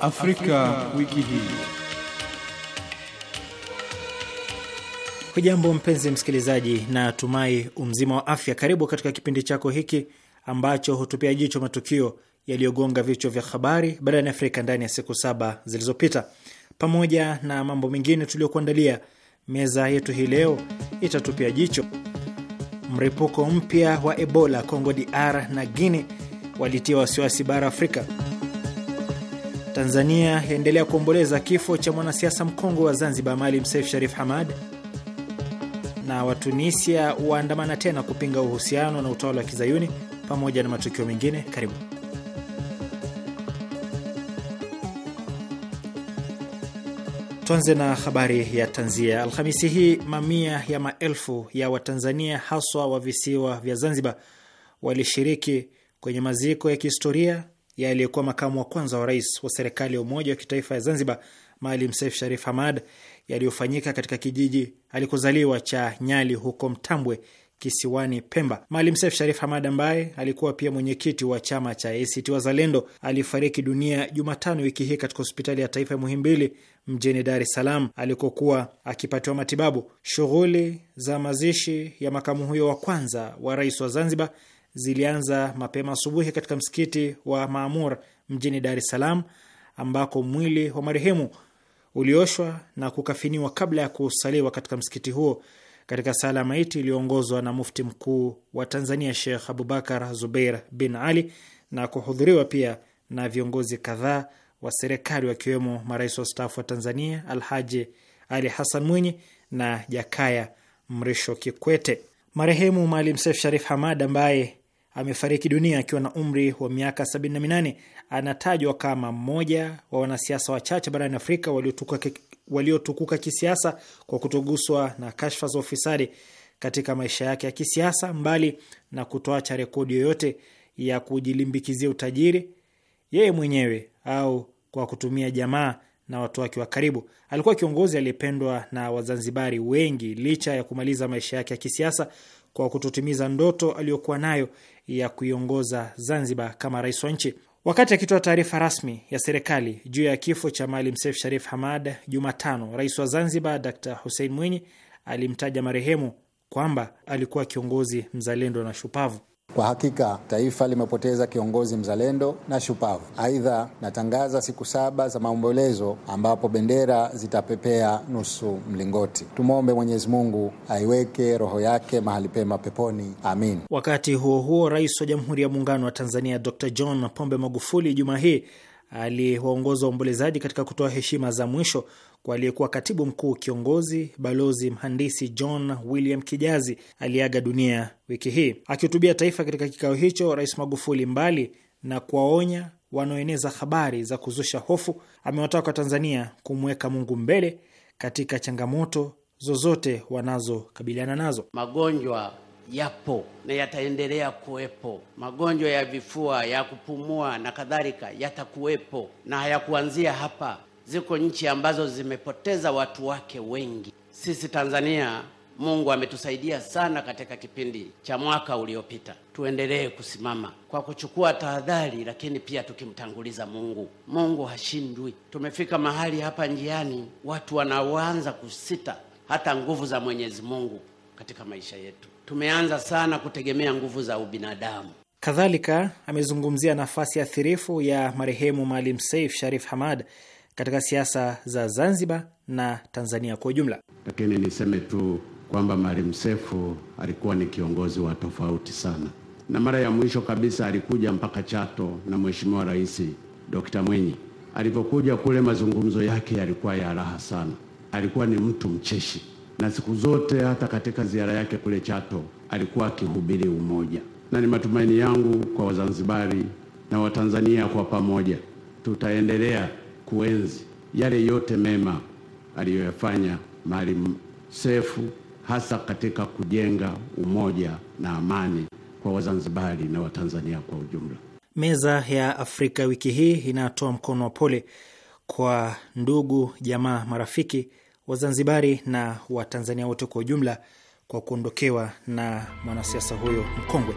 Afrika, Afrika wiki hii. Hujambo mpenzi msikilizaji, na tumai umzima wa afya. Karibu katika kipindi chako hiki ambacho hutupia jicho matukio yaliyogonga vichwa vya habari barani Afrika ndani ya siku saba zilizopita. Pamoja na mambo mengine tuliyokuandalia, meza yetu hii leo itatupia jicho mripuko mpya wa Ebola Congo DR na guine walitia wasiwasi bara Afrika. Tanzania yaendelea kuomboleza kifo cha mwanasiasa mkongwe wa Zanzibar Maalim Seif Sharif Hamad na Watunisia waandamana tena kupinga uhusiano na utawala wa Kizayuni, pamoja na matukio mengine. Karibu. Tuanze na habari ya tanzia. Alhamisi hii mamia ya maelfu ya Watanzania haswa wa visiwa vya Zanzibar walishiriki kwenye maziko ya kihistoria ya aliyekuwa makamu wa kwanza wa rais wa serikali ya umoja wa kitaifa ya Zanzibar Maalim Seif Sharif Hamad yaliyofanyika katika kijiji alikozaliwa cha Nyali huko Mtambwe kisiwani Pemba. Maalim Seif Sharif Hamad ambaye alikuwa pia mwenyekiti wa chama cha ACT Wazalendo alifariki dunia Jumatano wiki hii katika hospitali ya taifa ya Muhimbili mjini Dar es Salaam alikokuwa akipatiwa matibabu. Shughuli za mazishi ya makamu huyo wa kwanza wa rais wa Zanzibar zilianza mapema asubuhi katika msikiti wa Maamur mjini Dar es Salaam ambako mwili wa marehemu ulioshwa na kukafiniwa kabla ya kusaliwa katika msikiti huo katika sala maiti iliyoongozwa na mufti mkuu wa Tanzania Sheikh Abubakar Zubeir bin Ali na kuhudhuriwa pia na viongozi kadhaa wa serikali wakiwemo marais wa wastaafu wa Tanzania Alhaji Ali Hassan Mwinyi na Jakaya Mrisho Kikwete. Marehemu Maalim Seif Sharif Hamad ambaye amefariki dunia akiwa na umri wa miaka 78. Anatajwa kama mmoja wa wanasiasa wachache barani Afrika waliotukuka, waliotukuka kisiasa kwa kutoguswa na kashfa za ufisadi katika maisha yake ya kisiasa, mbali na kutoacha rekodi yoyote ya kujilimbikizia utajiri yeye mwenyewe au kwa kutumia jamaa na watu wake wa karibu. Alikuwa kiongozi aliyependwa na Wazanzibari wengi licha ya kumaliza maisha yake ya kisiasa kwa kutotimiza ndoto aliyokuwa nayo ya kuiongoza Zanzibar kama rais wa nchi. Wakati akitoa taarifa rasmi ya serikali juu ya kifo cha Maalim Seif Sharif Hamad Jumatano, rais wa Zanzibar Dr Hussein Mwinyi alimtaja marehemu kwamba alikuwa kiongozi mzalendo na shupavu. Kwa hakika taifa limepoteza kiongozi mzalendo na shupavu. Aidha, natangaza siku saba za maombolezo ambapo bendera zitapepea nusu mlingoti. Tumwombe Mwenyezi Mungu aiweke roho yake mahali pema peponi, amin. Wakati huo huo, Rais wa Jamhuri ya Muungano wa Tanzania Dr John Pombe Magufuli Juma hii aliwaongoza waombolezaji katika kutoa heshima za mwisho kwa aliyekuwa katibu mkuu kiongozi Balozi Mhandisi John William Kijazi aliyeaga dunia wiki hii. Akihutubia taifa katika kikao hicho, Rais Magufuli, mbali na kuwaonya wanaoeneza habari za kuzusha hofu, amewataka tanzania kumweka Mungu mbele katika changamoto zozote wanazokabiliana nazo. Magonjwa yapo na yataendelea kuwepo. Magonjwa ya vifua, ya kupumua na kadhalika yatakuwepo, na hayakuanzia hapa. Ziko nchi ambazo zimepoteza watu wake wengi. Sisi Tanzania, Mungu ametusaidia sana katika kipindi cha mwaka uliopita. Tuendelee kusimama kwa kuchukua tahadhari, lakini pia tukimtanguliza Mungu. Mungu hashindwi. Tumefika mahali hapa njiani watu wanaanza kusita hata nguvu za Mwenyezi Mungu katika maisha yetu. Tumeanza sana kutegemea nguvu za ubinadamu. Kadhalika amezungumzia nafasi athirifu ya marehemu Maalim Seif Sharif Hamad katika siasa za Zanzibar na Tanzania kwa ujumla. Lakini niseme tu kwamba Maalim Seif alikuwa ni kiongozi wa tofauti sana, na mara ya mwisho kabisa alikuja mpaka Chato na Mheshimiwa Rais Dr. Mwinyi. alivyokuja kule, mazungumzo yake yalikuwa ya raha sana. Alikuwa ni mtu mcheshi, na siku zote, hata katika ziara yake kule Chato, alikuwa akihubiri umoja, na ni matumaini yangu kwa Wazanzibari na Watanzania kwa pamoja tutaendelea kuenzi yale yote mema aliyoyafanya Maalim Seif hasa katika kujenga umoja na amani kwa Wazanzibari na Watanzania kwa ujumla. Meza ya Afrika wiki hii inatoa mkono wa pole kwa ndugu, jamaa, marafiki Wazanzibari na Watanzania wote kwa ujumla kwa kuondokewa na mwanasiasa huyo mkongwe.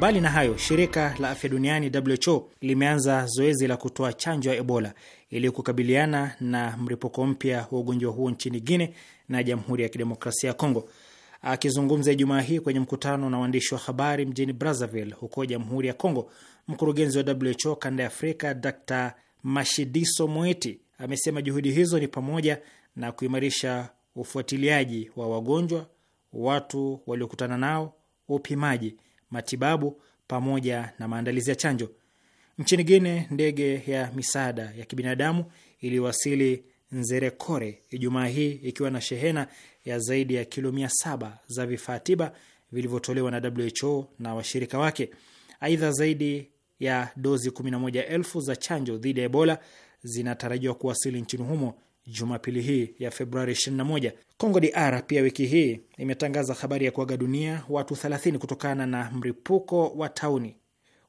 Mbali na hayo, shirika la afya duniani WHO limeanza zoezi la kutoa chanjo ya Ebola ili kukabiliana na mlipuko mpya wa ugonjwa huo nchini guine na Jamhuri ya Kidemokrasia ya Kongo. Akizungumza Ijumaa hii kwenye mkutano na waandishi wa habari mjini Brazzaville huko Jamhuri ya Kongo, mkurugenzi wa WHO kanda ya Afrika Dr Mashidiso Moeti amesema juhudi hizo ni pamoja na kuimarisha ufuatiliaji wa wagonjwa, watu waliokutana nao, upimaji matibabu pamoja na maandalizi ya chanjo. Nchini Guine, ndege ya misaada ya kibinadamu iliwasili Nzerekore Ijumaa hii ikiwa na shehena ya zaidi ya kilo mia saba za vifaa tiba vilivyotolewa na WHO na washirika wake. Aidha, zaidi ya dozi 11,000 za chanjo dhidi ya Ebola zinatarajiwa kuwasili nchini humo Jumapili hii ya Februari 21. Kongo DR pia wiki hii imetangaza habari ya kuaga dunia watu 30 kutokana na mripuko wa tauni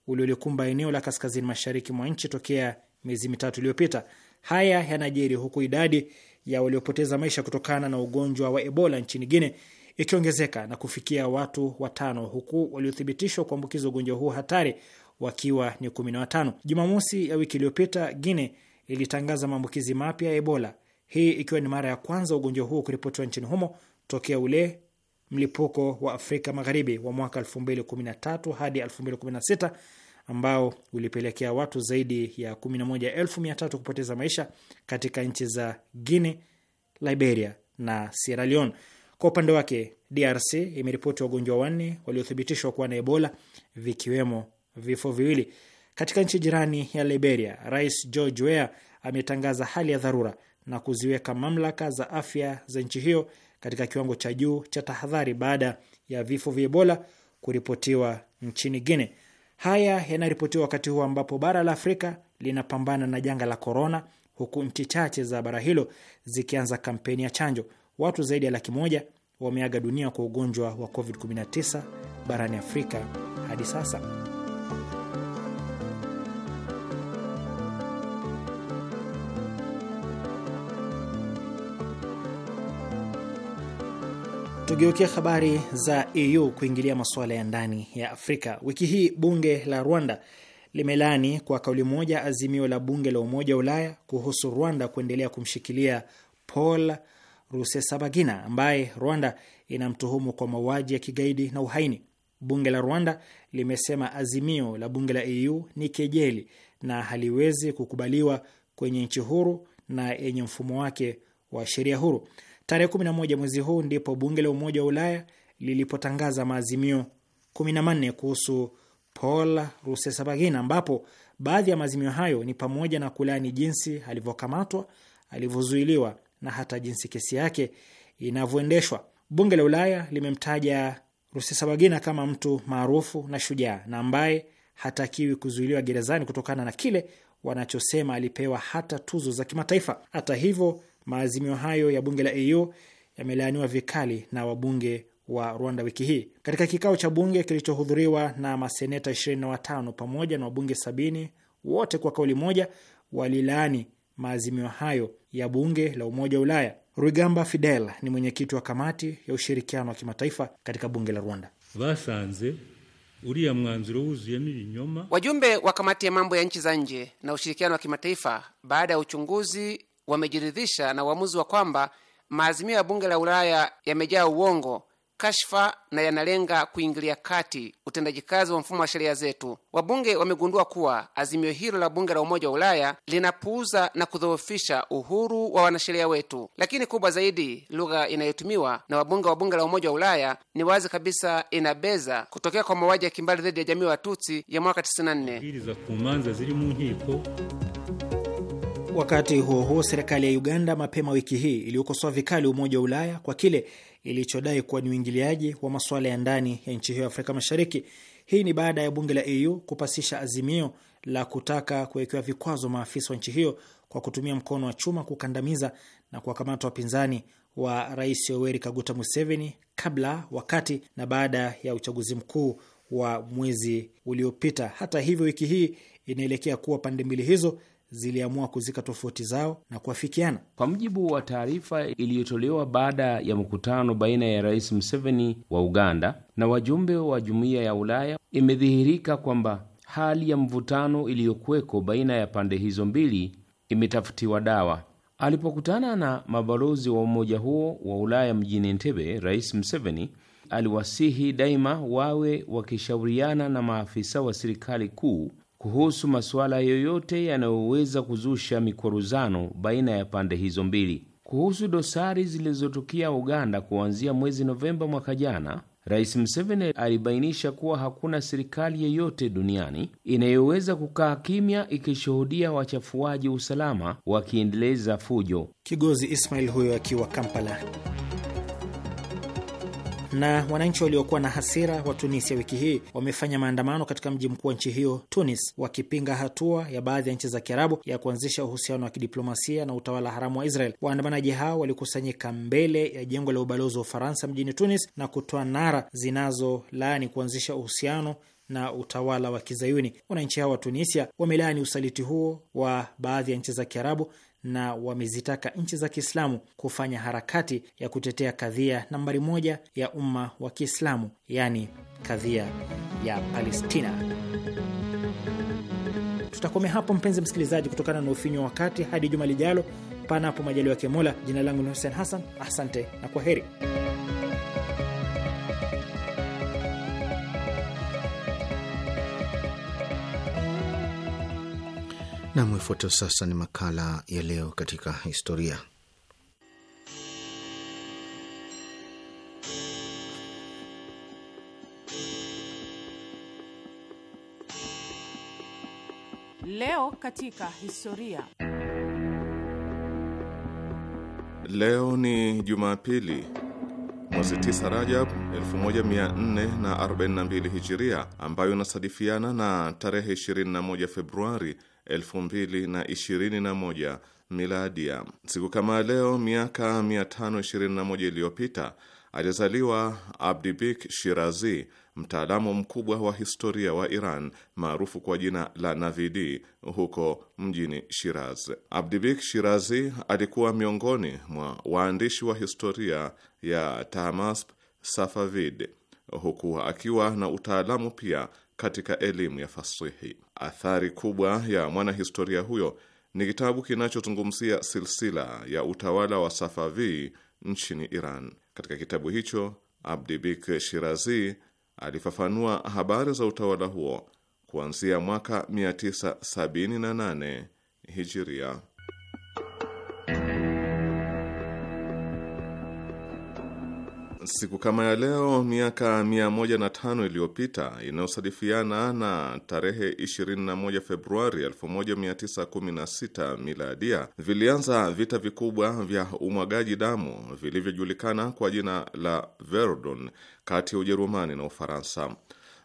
uliolikumba eneo la kaskazini mashariki mwa nchi tokea miezi mitatu iliyopita. Haya yanajiri huku idadi ya waliopoteza maisha kutokana na ugonjwa wa Ebola nchini guine ikiongezeka na kufikia watu watano, huku waliothibitishwa kuambukiza ugonjwa huu hatari wakiwa ni watano. Jumamosi ya wiki iliyopita Guine ilitangaza maambukizi mapya ya Ebola, hii ikiwa ni mara ya kwanza ugonjwa huo kuripotiwa nchini humo tokea ule mlipuko wa Afrika Magharibi wa mwaka 2013 hadi 2016 ambao ulipelekea watu zaidi ya 11300 kupoteza maisha katika nchi za Guinea, Liberia na Sierra Leone. Kwa upande wake, DRC imeripoti wagonjwa wanne waliothibitishwa kuwa na Ebola, vikiwemo vifo viwili. Katika nchi jirani ya Liberia, Rais George Weah ametangaza hali ya dharura na kuziweka mamlaka za afya za nchi hiyo katika kiwango cha juu cha tahadhari baada ya vifo vya Ebola kuripotiwa nchini Guine. Haya yanaripotiwa wakati huu ambapo bara la Afrika linapambana na janga la korona, huku nchi chache za bara hilo zikianza kampeni ya chanjo. Watu zaidi ya laki moja wameaga dunia kwa ugonjwa wa COVID-19 barani Afrika hadi sasa. Tugeukia habari za EU kuingilia masuala ya ndani ya Afrika. Wiki hii bunge la Rwanda limelaani kwa kauli moja azimio la bunge la Umoja wa Ulaya kuhusu Rwanda kuendelea kumshikilia Paul Rusesabagina ambaye Rwanda inamtuhumu kwa mauaji ya kigaidi na uhaini. Bunge la Rwanda limesema azimio la bunge la EU ni kejeli na haliwezi kukubaliwa kwenye nchi huru na yenye mfumo wake wa sheria huru. Tarehe 11 mwezi huu ndipo bunge la Umoja wa Ulaya lilipotangaza maazimio 14 kuhusu Paul Rusesabagina, ambapo baadhi ya maazimio hayo ni pamoja na kulaani jinsi alivyokamatwa, alivyozuiliwa na hata jinsi kesi yake inavyoendeshwa. Bunge la Ulaya limemtaja Rusesabagina kama mtu maarufu na shujaa na ambaye hatakiwi kuzuiliwa gerezani kutokana na kile wanachosema alipewa hata tuzo za kimataifa. Hata hivyo, Maazimio hayo ya bunge la AU yamelaaniwa vikali na wabunge wa Rwanda wiki hii katika kikao cha bunge kilichohudhuriwa na maseneta 25 pamoja na wabunge sabini. Wote kwa kauli moja walilaani maazimio hayo ya bunge la Umoja wa Ulaya. rugamba Fidel ni mwenyekiti wa kamati ya ushirikiano wa kimataifa katika bunge la Rwanda. basanze uriya mwanzuro wuzuyemo ibinyoma. Wajumbe wa kamati ya mambo ya nchi za nje na ushirikiano wa kimataifa, baada ya uchunguzi wamejiridhisha na uamuzi wa kwamba maazimio ya bunge la Ulaya yamejaa uongo, kashfa na yanalenga kuingilia kati utendaji kazi wa mfumo wa sheria zetu. Wabunge wamegundua kuwa azimio hilo la bunge la Umoja wa Ulaya linapuuza na kudhoofisha uhuru wa wanasheria wetu. Lakini kubwa zaidi, lugha inayotumiwa na wabunge wa bunge la Umoja wa Ulaya ni wazi kabisa inabeza kutokea kwa mauaji ya kimbali dhidi ya jamii Watutsi ya mwaka 94. Wakati huo huo, serikali ya Uganda mapema wiki hii iliokosoa vikali Umoja wa Ulaya kwa kile ilichodai kuwa ni uingiliaji wa masuala ya ndani ya nchi hiyo ya Afrika Mashariki. Hii ni baada ya bunge la EU kupasisha azimio la kutaka kuwekewa vikwazo maafisa wa nchi hiyo kwa kutumia mkono wa chuma kukandamiza na kuwakamata wapinzani wa Rais Yoweri Kaguta Museveni kabla, wakati na baada ya uchaguzi mkuu wa mwezi uliopita. Hata hivyo, wiki hii inaelekea kuwa pande mbili hizo ziliamua kuzika tofauti zao na kuafikiana. Kwa mujibu wa taarifa iliyotolewa baada ya mkutano baina ya Rais Museveni wa Uganda na wajumbe wa Jumuiya ya Ulaya, imedhihirika kwamba hali ya mvutano iliyokuweko baina ya pande hizo mbili imetafutiwa dawa. Alipokutana na mabalozi wa umoja huo wa Ulaya mjini Entebbe, Rais Museveni aliwasihi daima wawe wakishauriana na maafisa wa serikali kuu kuhusu masuala yoyote yanayoweza kuzusha mikwaruzano baina ya pande hizo mbili. Kuhusu dosari zilizotukia Uganda kuanzia mwezi Novemba mwaka jana, Rais Museveni alibainisha kuwa hakuna serikali yoyote duniani inayoweza kukaa kimya ikishuhudia wachafuaji usalama wakiendeleza fujo. Kigozi Ismail huyo akiwa Kampala. Na wananchi waliokuwa na hasira wa Tunisia wiki hii wamefanya maandamano katika mji mkuu wa nchi hiyo Tunis, wakipinga hatua ya baadhi ya nchi za Kiarabu ya kuanzisha uhusiano wa kidiplomasia na utawala haramu wa Israel. Waandamanaji hao walikusanyika mbele ya jengo la ubalozi wa Ufaransa mjini Tunis na kutoa nara zinazolaani kuanzisha uhusiano na utawala wa Kizayuni. Wananchi hao wa Tunisia wamelaani usaliti huo wa baadhi ya nchi za Kiarabu na wamezitaka nchi za Kiislamu kufanya harakati ya kutetea kadhia nambari moja ya umma wa Kiislamu, yaani kadhia ya Palestina. Tutakomea hapo mpenzi msikilizaji, kutokana na ufinyo wa wakati. Hadi juma lijalo, panapo majaliwa ya Mola. Jina langu ni Hussein Hassan, asante na kwa heri. na mwifuata sasa ni makala ya leo katika historia. Leo katika historia. Leo ni Jumapili mwezi 9 Rajab 1442 Hijiria, ambayo inasadifiana na tarehe 21 Februari 2021 miladia. Siku kama leo miaka 521 iliyopita alizaliwa Abdibik Shirazi, mtaalamu mkubwa wa historia wa Iran maarufu kwa jina la Navidi huko mjini Shiraz. Abdibik Shirazi alikuwa miongoni mwa waandishi wa historia ya Tahmasp Safavid huku akiwa na utaalamu pia katika elimu ya fasihi. Athari kubwa ya mwanahistoria huyo ni kitabu kinachozungumzia silsila ya utawala wa Safavi nchini Iran. Katika kitabu hicho, Abdibik Shirazi alifafanua habari za utawala huo kuanzia mwaka 978 Hijiria. siku kama ya leo miaka 105 iliyopita inayosadifiana na tarehe 21 Februari 1916 miladia, vilianza vita vikubwa vya umwagaji damu vilivyojulikana kwa jina la Verdun kati ya Ujerumani na Ufaransa.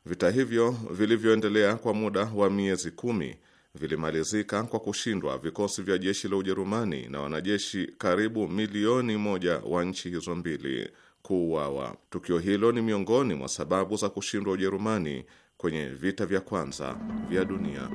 Vita hivyo vilivyoendelea kwa muda wa miezi kumi vilimalizika kwa kushindwa vikosi vya jeshi la Ujerumani na wanajeshi karibu milioni moja wa nchi hizo mbili kuuawa. Tukio hilo ni miongoni mwa sababu za kushindwa Ujerumani kwenye vita vya kwanza vya dunia.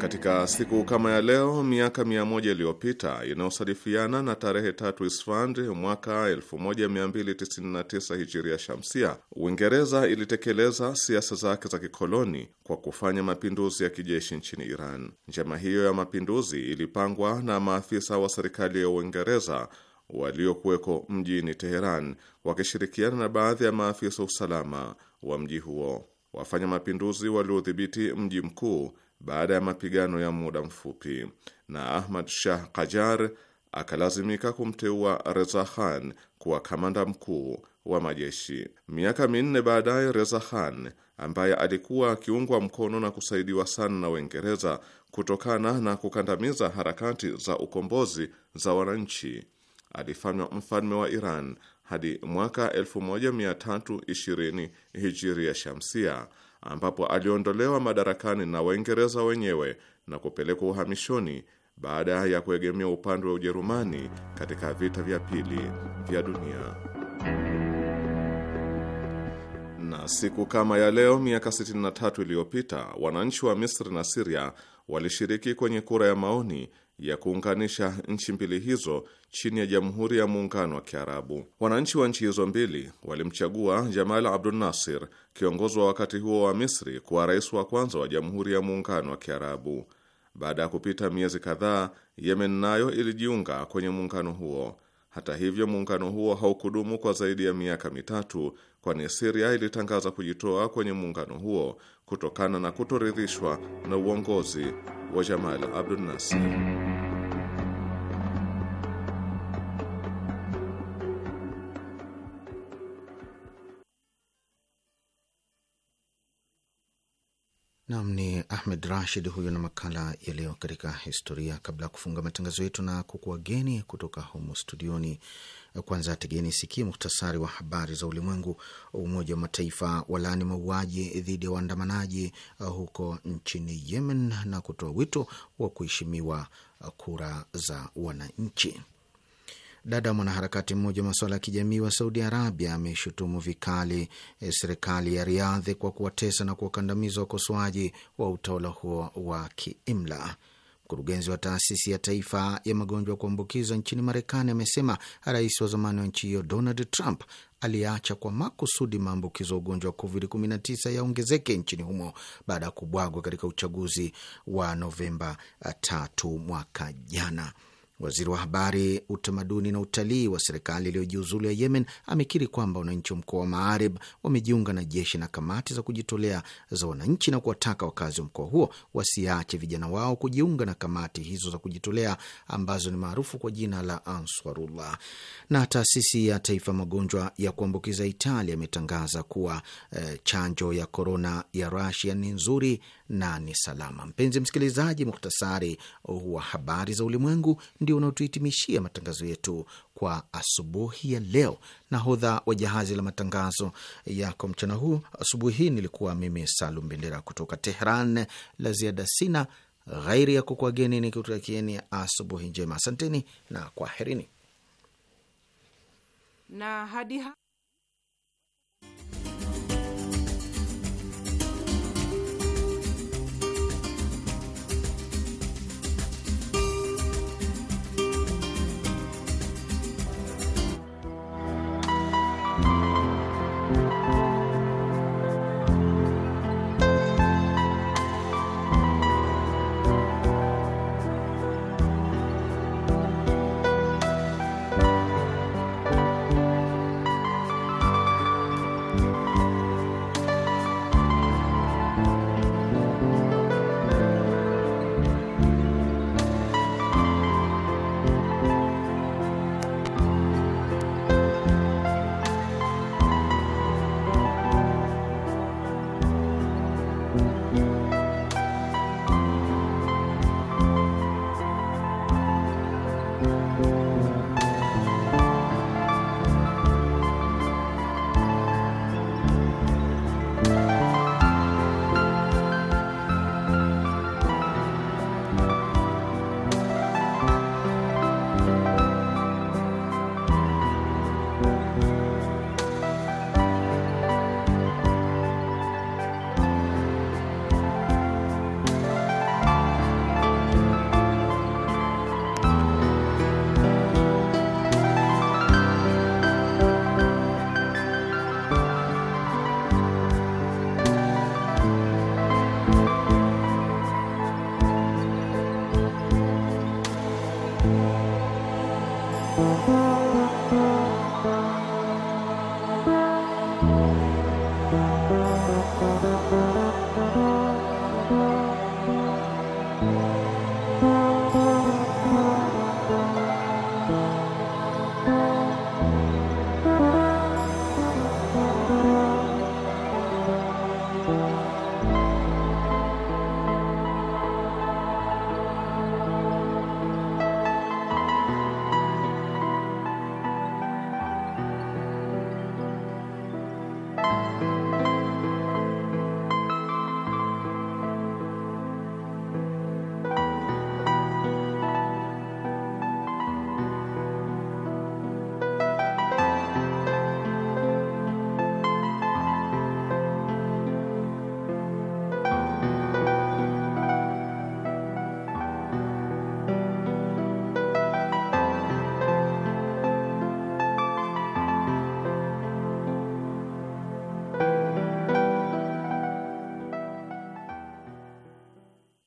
Katika siku kama ya leo miaka mia moja iliyopita inayosadifiana na tarehe tatu Isfand mwaka 1299 hijiria shamsia, Uingereza ilitekeleza siasa zake za kikoloni kwa kufanya mapinduzi ya kijeshi nchini Iran. Njama hiyo ya mapinduzi ilipangwa na maafisa wa serikali ya Uingereza waliokuweko mjini Teheran wakishirikiana na baadhi ya maafisa usalama wa mji huo. Wafanya mapinduzi waliodhibiti mji mkuu baada ya mapigano ya muda mfupi, na Ahmad Shah Qajar akalazimika kumteua Reza Khan kuwa kamanda mkuu wa majeshi. Miaka minne baadaye, Reza Khan ambaye alikuwa akiungwa mkono na kusaidiwa sana na Uingereza kutokana na kukandamiza harakati za ukombozi za wananchi alifanywa mfalme wa Iran hadi mwaka 1320 hijiria shamsia, ambapo aliondolewa madarakani na Waingereza wenyewe na kupelekwa uhamishoni baada ya kuegemea upande wa Ujerumani katika vita vya pili vya dunia. Na siku kama ya leo miaka 63 iliyopita wananchi wa Misri na Siria walishiriki kwenye kura ya maoni ya kuunganisha nchi mbili hizo chini ya Jamhuri ya Muungano wa Kiarabu. Wananchi wa nchi hizo mbili walimchagua Jamal Abdul Nasir, kiongozi wa wakati huo wa Misri, kuwa rais wa kwanza wa Jamhuri ya Muungano wa Kiarabu. Baada ya kupita miezi kadhaa, Yemen nayo ilijiunga kwenye muungano huo. Hata hivyo, muungano huo haukudumu kwa zaidi ya miaka mitatu, kwani Siria ilitangaza kujitoa kwenye muungano huo kutokana na kutoridhishwa na uongozi wa Jamal Abdul Nasir. Nam ni Ahmed Rashid huyo na makala ya leo katika historia. Kabla ya kufunga matangazo yetu na kukuwageni kutoka humo studioni, kwanza tegeni sikia muhtasari wa habari za ulimwengu. Umoja wa Mataifa walaani mauaji dhidi ya waandamanaji uh, huko nchini Yemen na kutoa wito wa kuheshimiwa uh, kura za wananchi. Dada mwanaharakati mmoja wa masuala ya kijamii wa Saudi Arabia ameshutumu vikali eh, serikali ya Riadhi kwa kuwatesa na kuwakandamiza wakosoaji wa utawala huo wa kiimla. Mkurugenzi wa taasisi ya taifa ya magonjwa ya kuambukizwa nchini Marekani amesema rais wa zamani wa nchi hiyo Donald Trump aliyeacha kwa makusudi maambukizo ya ugonjwa wa covid-19 yaongezeke nchini humo baada ya kubwagwa katika uchaguzi wa Novemba tatu mwaka jana. Waziri wa habari, utamaduni na utalii wa serikali iliyojiuzulu ya Yemen amekiri kwamba wananchi wa mkoa wa Maarib wamejiunga na jeshi na kamati za kujitolea za wananchi na kuwataka wakazi wa mkoa huo wasiache vijana wao kujiunga na kamati hizo za kujitolea ambazo ni maarufu kwa jina la Answarullah. Na taasisi ya taifa magonjwa ya kuambukiza Italia imetangaza kuwa eh, chanjo ya korona ya Rasia ni nzuri na ni salama. Mpenzi msikilizaji, muhtasari wa habari za ulimwengu ndio unaotuhitimishia matangazo yetu kwa asubuhi ya leo. Nahodha wa jahazi la matangazo yako mchana huu, asubuhi hii nilikuwa mimi Salum Bendera kutoka Tehran. La ziada sina ghairi ya kukwageni nikutakieni asubuhi njema. Asanteni na kwaherini na hadi